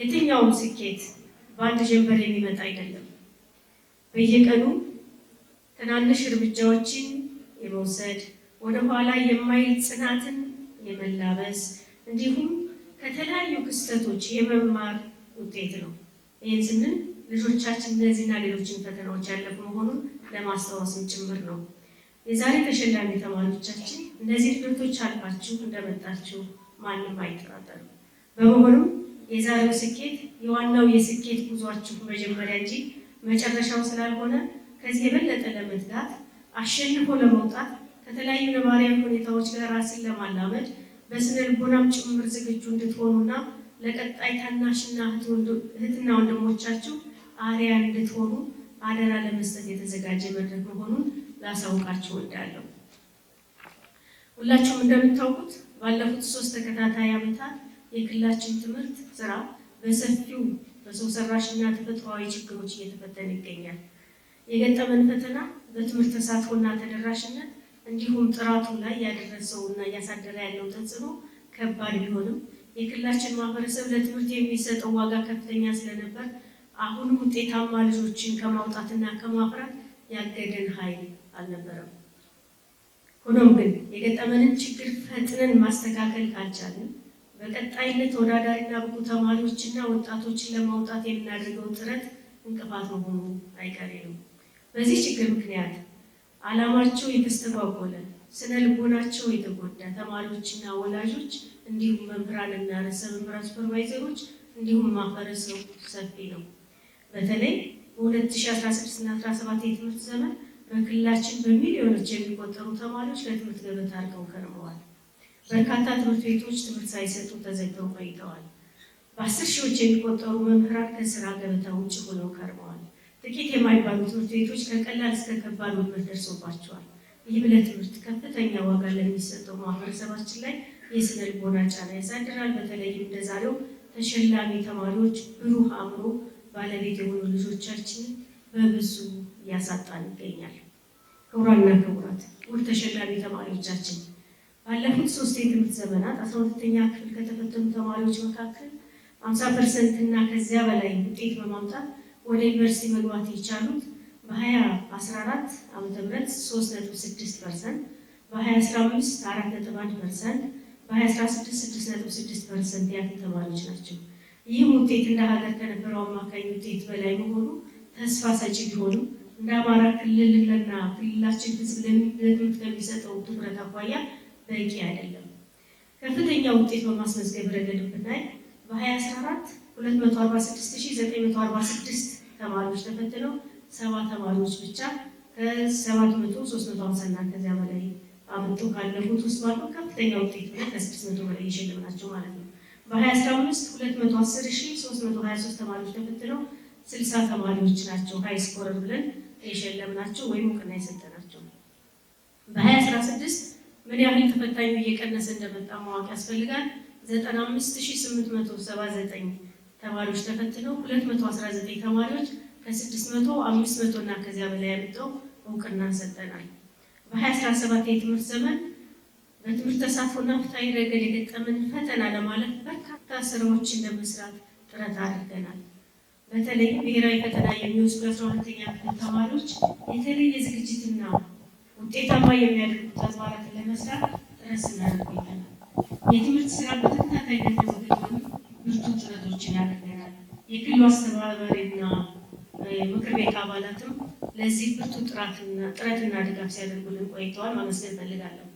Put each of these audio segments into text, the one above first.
የትኛውም ስኬት በአንድ ጀንበር የሚመጣ አይደለም። በየቀኑ ትናንሽ እርምጃዎችን የመውሰድ ወደኋላ የማይል ጽናትን የመላበስ እንዲሁም ከተለያዩ ክስተቶች የመማር ውጤት ነው። ይህን ስንል ልጆቻችን እነዚህና ሌሎችን ፈተናዎች ያለፉ መሆኑን ለማስታወስም ጭምር ነው። የዛሬ ተሸላሚ ተማሪዎቻችን እነዚህ ትምህርቶች አልፋችሁ እንደመጣችሁ ማንም አይጠራጠርም። በመሆኑም የዛሬው ስኬት የዋናው የስኬት ጉዟችሁ መጀመሪያ እንጂ መጨረሻው ስላልሆነ ከዚህ የበለጠ ለመትጋት አሸንፎ ለመውጣት ከተለያዩ ነባሪያዊ ሁኔታዎች ጋር ራስን ለማላመድ በስነ ልቦናም ጭምር ዝግጁ እንድትሆኑና ለቀጣይ ታናሽና እህትና ወንድሞቻችሁ አሪያ እንድትሆኑ አደራ ለመስጠት የተዘጋጀ መድረክ መሆኑን ላሳውቃችሁ እወዳለሁ። ሁላችሁም እንደምታውቁት ባለፉት ሶስት ተከታታይ ዓመታት የክልላችን ትምህርት ስራ በሰፊው በሰው ሰራሽና ተፈጥሯዊ ችግሮች እየተፈተነ ይገኛል። የገጠመን ፈተና በትምህርት ተሳትፎና ተደራሽነት እንዲሁም ጥራቱ ላይ ያደረሰውና እያሳደረ ያለው ተጽዕኖ ከባድ ቢሆንም የክልላችን ማህበረሰብ ለትምህርት የሚሰጠው ዋጋ ከፍተኛ ስለነበር አሁን ውጤታማ ልጆችን ከማውጣትና ከማፍራት ያገደን ኃይል አልነበረም። ሆኖም ግን የገጠመንን ችግር ፈጥነን ማስተካከል ካልቻለን በቀጣይነት ተወዳዳሪና ብቁ ተማሪዎችና ወጣቶችን ለማውጣት የምናደርገውን ጥረት እንቅፋት መሆኑ አይቀሬ ነው። በዚህ ችግር ምክንያት ዓላማቸው የተስተጓጎለ፣ ስነ ልቦናቸው የተጎዳ ተማሪዎችና ወላጆች እንዲሁም መምህራንና ርዕሰ መምህራን ሱፐርቫይዘሮች እንዲሁም ማህበረሰቡ ሰፊ ነው። በተለይ በ2016ና 17 የትምህርት ዘመን በክልላችን በሚሊዮኖች የሚቆጠሩ ተማሪዎች ለትምህርት ገበታ አድርገው ከርመዋል። በርካታ ትምህርት ቤቶች ትምህርት ሳይሰጡ ተዘግተው ቆይተዋል። በአስር ሺዎች የሚቆጠሩ መምህራን ከስራ ገበታ ውጭ ሆነው ከርመዋል። ጥቂት የማይባሉ ትምህርት ቤቶች ከቀላል እስከ ከባድ ውድመት ደርሶባቸዋል። ይህም ለትምህርት ከፍተኛ ዋጋ ለሚሰጠው ማህበረሰባችን ላይ የስነ ልቦና ጫና ያሳድራል። በተለይም እንደዛሬው ተሸላሚ ተማሪዎች፣ ብሩህ አእምሮ ባለቤት የሆኑ ልጆቻችንን በብዙ እያሳጣን ይገኛል። ክቡራንና ክቡራት ውድ ተሸላሚ ተማሪዎቻችን ባለፉት ሶስት የትምህርት ዘመናት አስራ ሁለተኛ ክፍል ከተፈተኑ ተማሪዎች መካከል አምሳ ፐርሰንት እና ከዚያ በላይ ውጤት በማምጣት ወደ ዩኒቨርሲቲ መግባት የቻሉት በሀያ አስራ አራት ዓመተ ምህረት ሶስት ነጥብ ስድስት ፐርሰንት በሀያ አስራ አምስት አራት ነጥብ አንድ ፐርሰንት በሀያ አስራ ስድስት ስድስት ነጥብ ስድስት ፐርሰንት ያክል ተማሪዎች ናቸው። ይህም ውጤት እንደ ሀገር ከነበረው አማካኝ ውጤት በላይ መሆኑ ተስፋ ሰጪ ቢሆንም እንደ አማራ ክልልና ክልላችን ህዝብ ለትምህርት ከሚሰጠው ትኩረት አኳያ በቂ አይደለም። ከፍተኛ ውጤት በማስመዝገብ ረገድ ብናይ በ2014 246946 ተማሪዎች ተፈትነው ሰባ ተማሪዎች ብቻ ከ7350 ከዚያ በላይ አምጡ ካለፉት ውስጥ ባሉ ከፍተኛ ውጤት ብለን ከስድስት መቶ በላይ የሸለምናቸው ማለት ነው። በ2015 210323 ተማሪዎች ተፈትነው 60 ተማሪዎች ናቸው ሀይ ስኮረር ብለን የሸለምናቸው ወይም እውቅና የሰጠናቸው በ2016 ምን ያህል ተፈታኙ እየቀነሰ እንደመጣ ማወቅ ያስፈልጋል። 95879 ተማሪዎች ተፈትነው 219 ተማሪዎች ከ600 500 እና ከዚያ በላይ ያመጣው እውቅና ሰጠናል። በ2017 የትምህርት ዘመን በትምህርት ተሳትፎና ፍትሐዊ ረገድ የገጠመን ፈተና ለማለፍ በርካታ ስራዎችን ለመስራት ጥረት አድርገናል። በተለይ ብሔራዊ ፈተና የሚወስዱ 12ኛ ክፍል ተማሪዎች የተለየ ዝግጅትና ውጤታማ የሚያደርጉ ተግባራት ለመስራት ጥረት ስናደርግ የትምህርት ስራ በተከታታይ ለመዘገብ ብርቱ ጥረቶችን አድርገናል። የክልሉ አስተባባሪና ምክር ቤት አባላትም ለዚህ ብርቱ ጥረትና ድጋፍ ሲያደርጉልን ቆይተዋል ማመስገን ፈልጋለሁ።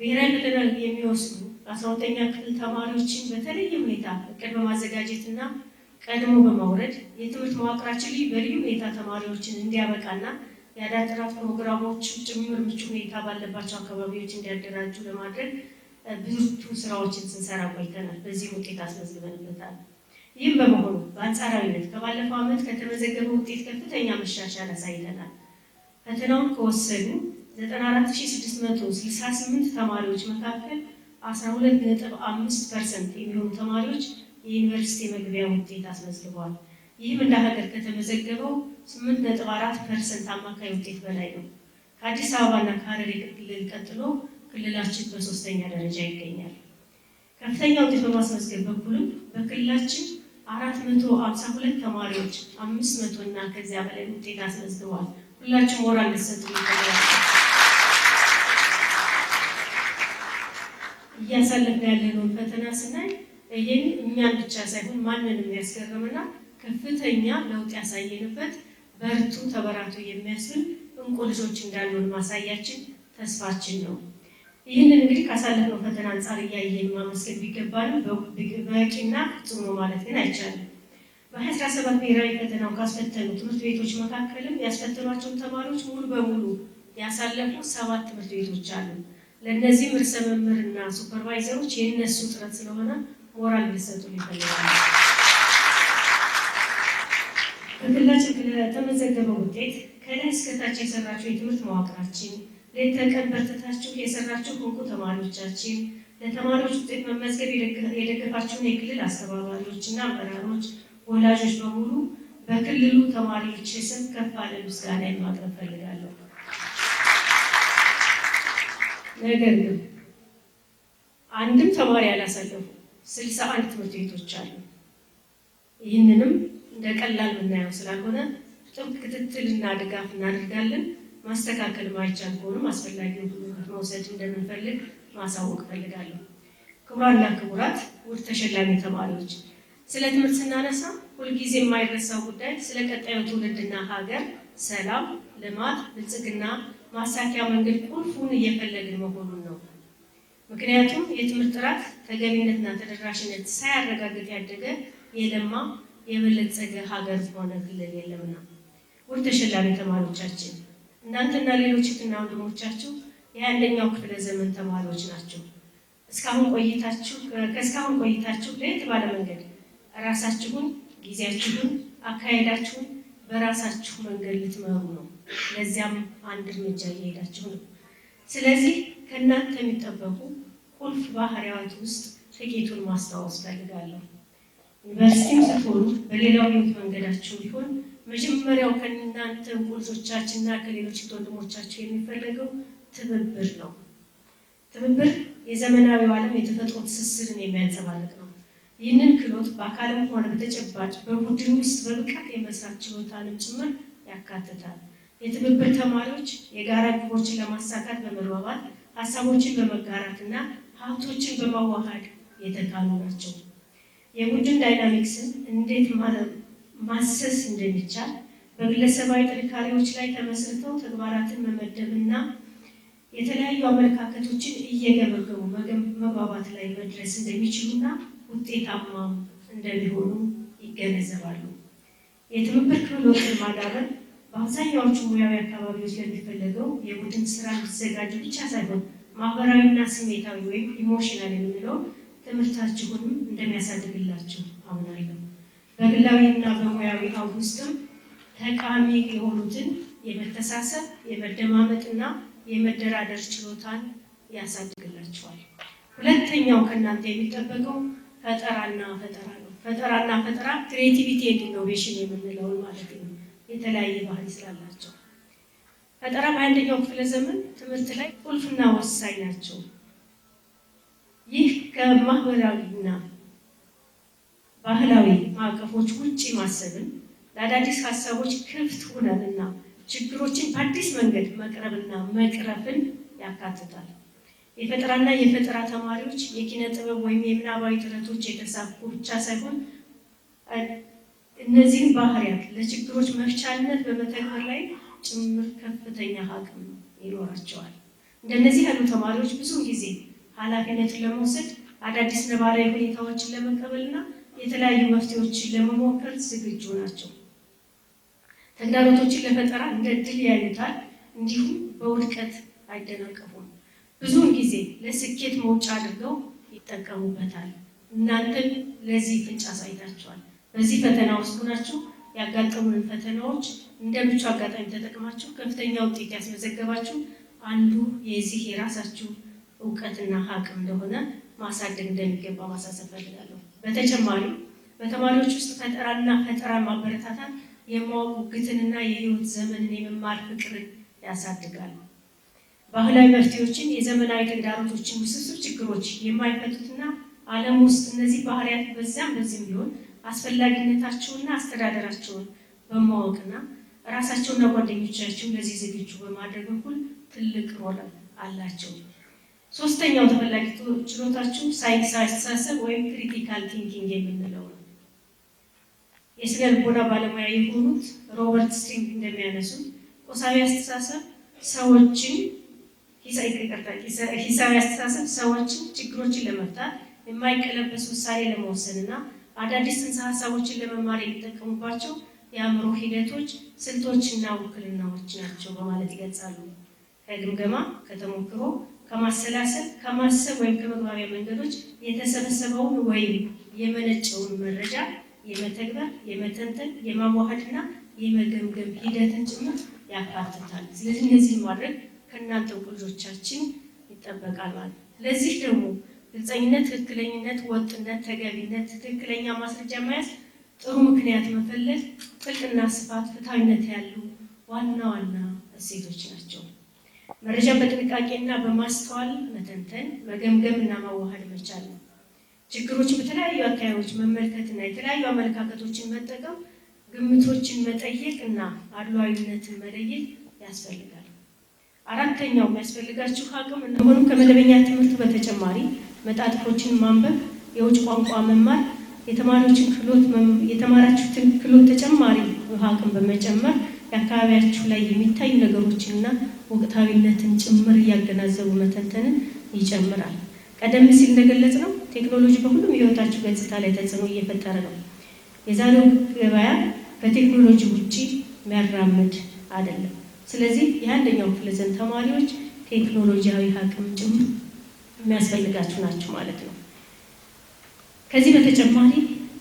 ብሔራዊ ክልል የሚወስዱ አስራ ሁለተኛ ክፍል ተማሪዎችን በተለየ ሁኔታ እቅድ በማዘጋጀትና ቀድሞ በማውረድ የትምህርት መዋቅራችን ልዩ በልዩ ሁኔታ ተማሪዎችን እንዲያበቃና የአዳር ፕሮግራሞች ጭምር ምቹ ሁኔታ ባለባቸው አካባቢዎች እንዲያደራጁ ለማድረግ ብዙ ስራዎችን ስንሰራ ቆይተናል። በዚህ ውጤት አስመዝግበንበታል። ይህም በመሆኑ በአንጻራዊነት ከባለፈው ዓመት ከተመዘገበ ውጤት ከፍተኛ መሻሻል አሳይተናል። ፈተናውን ከወሰዱ 94668 ተማሪዎች መካከል 12.5 ፐርሰንት የሚሆኑ ተማሪዎች የዩኒቨርሲቲ መግቢያ ውጤት አስመዝግበዋል። ይህም እንደ ሀገር ከተመዘገበው አራት ፐርሰንት አማካይ ውጤት በላይ ነው። ከአዲስ አበባና ከሀረሪ ክልል ቀጥሎ ክልላችን በሶስተኛ ደረጃ ይገኛል። ከፍተኛ ውጤት በማስመዝገብ በኩልም በክልላችን ሁለት ተማሪዎች መቶ እና ከዚያ በላይ ውጤት አስመዝግበዋል። ሁላችን ሞራል ልሰጡ እያሳለፍን ያለነውን ፈተና ስናይ ይህን እኛን ብቻ ሳይሆን ማንንም ያስገርምናል። ከፍተኛ ለውጥ ያሳየንበት በርቱ ተበራቱ የሚያስብል እንቁ ልጆች እንዳሉን ማሳያችን ተስፋችን ነው። ይህንን እንግዲህ ካሳለፍነው ፈተና አንጻር እያየን ማመስገን ቢገባንም በቂና ፍጹም ማለት ግን አይቻልም። በ2017 ብሔራዊ ፈተናው ካስፈተኑ ትምህርት ቤቶች መካከልም ያስፈተኗቸውን ተማሪዎች ሙሉ በሙሉ ያሳለፉ ሰባት ትምህርት ቤቶች አሉ። ለእነዚህም ርዕሰ መምህርና ሱፐርቫይዘሮች የእነሱ ጥረት ስለሆነ ሞራል ሊሰጡ ይፈልጋል። በክልላችን ከተመዘገበ ውጤት ከላይ እስከታች የሰራችው የትምህርት መዋቅራችን፣ ሌት ተቀን በርትታችሁ የሰራችሁ እንቁ ተማሪዎቻችን፣ ለተማሪዎች ውጤት መመዝገብ የደገፋችሁን የክልል አስተባባሪዎችና አመራሮች፣ ወላጆች በሙሉ በክልሉ ተማሪዎች ስም ከፍ ያለ ምስጋና ማቅረብ ፈልጋለሁ። ነገር ግን አንድም ተማሪ ያላሳለፉ ስልሳ አንድ ትምህርት ቤቶች አሉ። ይህንንም እንደ ቀላል ምናየው ስላልሆነ ጥብቅ ክትትልና ድጋፍ እናደርጋለን። ማስተካከል ማይቻል ከሆኑም አስፈላጊ መውሰድ እንደምንፈልግ ማሳወቅ እፈልጋለሁ። ክቡራና ክቡራት፣ ውድ ተሸላሚ ተማሪዎች፣ ስለ ትምህርት ስናነሳ ሁልጊዜ የማይረሳው ጉዳይ ስለ ቀጣዩ ትውልድና ሀገር ሰላም፣ ልማት፣ ብልጽግና ማሳኪያ መንገድ ቁልፉን እየፈለግን መሆኑን ነው። ምክንያቱም የትምህርት ጥራት ተገቢነትና ተደራሽነት ሳያረጋግጥ ያደገ የለማ የበለጸገ ሀገር ሆነ ክልል የለምና። ውድ ተሸላሚ ተማሪዎቻችን እናንተና ሌሎች እህትና ወንድሞቻችሁ የአንደኛው ክፍለ ዘመን ተማሪዎች ናቸው። እስካሁን ቆይታችሁ ከእስካሁን ቆይታችሁ ለየት ባለ መንገድ ራሳችሁን፣ ጊዜያችሁን፣ አካሄዳችሁን በራሳችሁ መንገድ ልትመሩ ነው። ለዚያም አንድ እርምጃ እየሄዳችሁ ነው። ስለዚህ ከእናንተ የሚጠበቁ ቁልፍ ባህሪያት ውስጥ ጥቂቱን ማስታወስ ፈልጋለሁ። ዩኒቨርሲቲም ስትሆኑ በሌላው ህይወት መንገዳቸው ቢሆን መጀመሪያው ከእናንተ እና ከሌሎች ወንድሞቻቸው የሚፈለገው ትብብር ነው። ትብብር የዘመናዊው ዓለም የተፈጥሮ ትስስርን የሚያንጸባርቅ ነው። ይህንን ክህሎት በአካልም ሆነ በተጨባጭ በቡድን ውስጥ በብቃት የመስራት ችሎታንም ጭምር ያካትታል። የትብብር ተማሪዎች የጋራ ግቦችን ለማሳካት በመግባባት ሀሳቦችን በመጋራት እና ሀብቶችን በማዋሃድ የተካኑ ናቸው። የቡድን ዳይናሚክስን እንዴት ማሰስ እንደሚቻል በግለሰባዊ ጥንካሬዎች ላይ ተመስርተው ተግባራትን መመደብና የተለያዩ አመለካከቶችን እየገመገሙ መግባባት ላይ መድረስ እንደሚችሉና ውጤታማ እንደሚሆኑ ይገነዘባሉ። የትብብር ክህሎትን ማዳበር በአብዛኛዎቹ ሙያዊ አካባቢዎች ለሚፈለገው የቡድን ስራ እንዲዘጋጅ ብቻ ሳይሆን ማህበራዊና ስሜታዊ ወይም ኢሞሽናል የምንለው ትምህርታችሁንም እንደሚያሳድግላቸው አምናለሁ። በግላዊና በሙያዊ አውድ ውስጥም ተቃሚ የሆኑትን የመተሳሰብ የመደማመጥና የመደራደር ችሎታን ያሳድግላቸዋል። ሁለተኛው ከእናንተ የሚጠበቀው ፈጠራና ፈጠራ ነው። ፈጠራና ፈጠራ ክሬቲቪቲ ኤንድ ኢኖቬሽን የምንለውን ማለት ነው። የተለያየ ባህሪ ስላላቸው ፈጠራ በአንደኛው ክፍለ ዘመን ትምህርት ላይ ቁልፍና ወሳኝ ናቸው። ይህ ከማህበራዊና ባህላዊ ማዕቀፎች ውጭ ማሰብን ለአዳዲስ ሀሳቦች ክፍት ሆነንና ችግሮችን በአዲስ መንገድ መቅረብና መቅረፍን ያካትታል። የፈጠራና የፈጠራ ተማሪዎች የኪነ ጥበብ ወይም የምናባዊ ጥረቶች የተሳኩ ብቻ ሳይሆን እነዚህን ባህሪያት ለችግሮች መፍቻነት በመተግበር ላይ ጭምር ከፍተኛ አቅም ይኖራቸዋል። እንደነዚህ ያሉ ተማሪዎች ብዙ ጊዜ ኃላፊነትን ለመውሰድ አዳዲስ ነባራዊ ሁኔታዎችን ለመቀበልና የተለያዩ መፍትሄዎችን ለመሞከር ዝግጁ ናቸው። ተግዳሮቶችን ለፈጠራ እንደ ድል ያዩታል፣ እንዲሁም በውድቀት አይደናቀፉም። ብዙውን ጊዜ ለስኬት መውጫ አድርገው ይጠቀሙበታል። እናንተን ለዚህ ፍንጭ አሳይታችኋል። በዚህ ፈተና ውስጥ ሆናችሁ ያጋጠሙን ፈተናዎች እንደምቹ አጋጣሚ ተጠቅማችሁ ከፍተኛ ውጤት ያስመዘገባችሁ አንዱ የዚህ የራሳችሁ እውቀትና አቅም እንደሆነ ማሳደግ እንደሚገባ ማሳሰብ ፈልጋለሁ። በተጨማሪ በተማሪዎች ውስጥ ፈጠራና ፈጠራን ማበረታታት የማወቅ ውግትንና የህይወት ዘመንን የመማር ፍቅርን ያሳድጋል። ባህላዊ መፍትሄዎችን የዘመናዊ ተግዳሮቶችን ውስብስብ ችግሮች የማይፈቱትና ዓለም ውስጥ እነዚህ ባህሪያት በዚያም በዚህም ቢሆን አስፈላጊነታቸውና አስተዳደራቸውን በማወቅና ራሳቸውና ጓደኞቻቸውን ለዚህ ዝግጁ በማድረግ በኩል ትልቅ ሮል አላቸው። ሶስተኛው ተፈላጊ ችሎታችሁ ሳይንስ አስተሳሰብ ወይም ክሪቲካል ቲንኪንግ የምንለው ነው። የስነ ልቦና ባለሙያ የሆኑት ሮበርት ስቲንግ እንደሚያነሱት ቆሳዊ አስተሳሰብ ሰዎችን ሂሳዊ አስተሳሰብ ሰዎችን ችግሮችን ለመፍታት የማይቀለበስ ውሳኔ ለመወሰን እና አዳዲስ ጽንሰ ሀሳቦችን ለመማር የሚጠቀሙባቸው የአእምሮ ሂደቶች፣ ስልቶችና ውክልናዎች ናቸው በማለት ይገልጻሉ። ከግምገማ ከተሞክሮ ከማሰላሰል ከማሰብ ወይም ከመግባቢያ መንገዶች የተሰበሰበውን ወይም የመነጨውን መረጃ የመተግበር የመተንተን የማዋሃድና የመገምገም ሂደትን ጭምር ያካትታል። ስለዚህ እነዚህን ማድረግ ከእናንተ ልጆቻችን ይጠበቃል ማለት ነው። ለዚህ ደግሞ ግልጸኝነት፣ ትክክለኝነት፣ ወጥነት፣ ተገቢነት፣ ትክክለኛ ማስረጃ መያዝ፣ ጥሩ ምክንያት መፈለግ፣ ጥልቅና ስፋት፣ ፍትሐዊነት ያሉ ዋና ዋና እሴቶች ናቸው። መረጃን በጥንቃቄና በማስተዋል መተንተን፣ መገምገም እና ማዋሃድ መቻል ነው። ችግሮችን በተለያዩ አካባቢዎች መመልከትና የተለያዩ አመለካከቶችን መጠቀም፣ ግምቶችን መጠየቅ እና አድሏዊነትን መለየት ያስፈልጋል። አራተኛው የሚያስፈልጋችሁ አቅም መሆኑ ከመደበኛ ትምህርት በተጨማሪ መጣጥፎችን ማንበብ፣ የውጭ ቋንቋ መማር፣ የተማሪዎችን ክህሎት የተማራችሁትን ክህሎት ተጨማሪ አቅም በመጨመር የአካባቢያችሁ ላይ የሚታዩ ነገሮችንና ወቅታዊነትን ጭምር እያገናዘቡ መተንተንን ይጨምራል። ቀደም ሲል እንደገለጽ ነው ቴክኖሎጂ በሁሉም የህይወታችሁ ገጽታ ላይ ተጽዕኖ እየፈጠረ ነው። የዛሬው ገበያ ከቴክኖሎጂ ውጭ የሚያራምድ አይደለም። ስለዚህ የአንደኛው ክፍለ ዘመን ተማሪዎች ቴክኖሎጂያዊ አቅም ጭምር የሚያስፈልጋችሁ ናቸው ማለት ነው። ከዚህ በተጨማሪ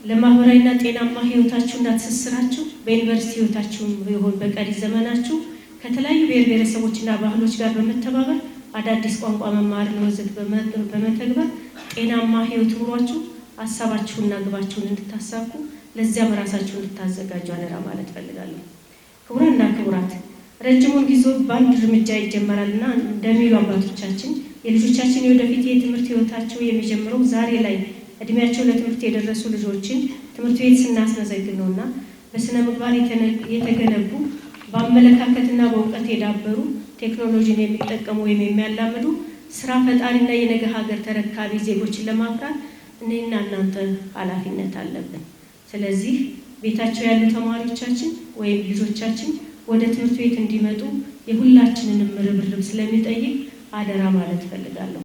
ለማህበራዊና ጤናማ ህይወታችሁና ትስስራችሁ በዩኒቨርሲቲ ህይወታችሁ ይሁን በቀሪ ዘመናችሁ ከተለያዩ ብሔር ብሔረሰቦችና ባህሎች ጋር በመተባበር አዳዲስ ቋንቋ መማር ወዘት በመተግበር ጤናማ ህይወት ኑሯችሁ ሀሳባችሁና ግባችሁን እንድታሳኩ ለዚያም ራሳችሁ እንድታዘጋጁ አደራ ማለት ፈልጋለሁ። ክቡራና ክቡራት ረጅሙን ጊዜ በአንድ እርምጃ ይጀመራልና እንደሚሉ አባቶቻችን የልጆቻችን የወደፊት የትምህርት ህይወታቸው የሚጀምረው ዛሬ ላይ እድሜያቸው ለትምህርት የደረሱ ልጆችን ትምህርት ቤት ስናስመዘግብ ነውና በስነ ምግባር የተገነቡ በአመለካከትና በእውቀት የዳበሩ ቴክኖሎጂን የሚጠቀሙ ወይም የሚያላምዱ ስራ ፈጣሪና የነገ ሀገር ተረካቢ ዜጎችን ለማፍራት እኔና እናንተ ኃላፊነት አለብን። ስለዚህ ቤታቸው ያሉ ተማሪዎቻችን ወይም ልጆቻችን ወደ ትምህርት ቤት እንዲመጡ የሁላችንንም ርብርብ ስለሚጠይቅ አደራ ማለት እፈልጋለሁ።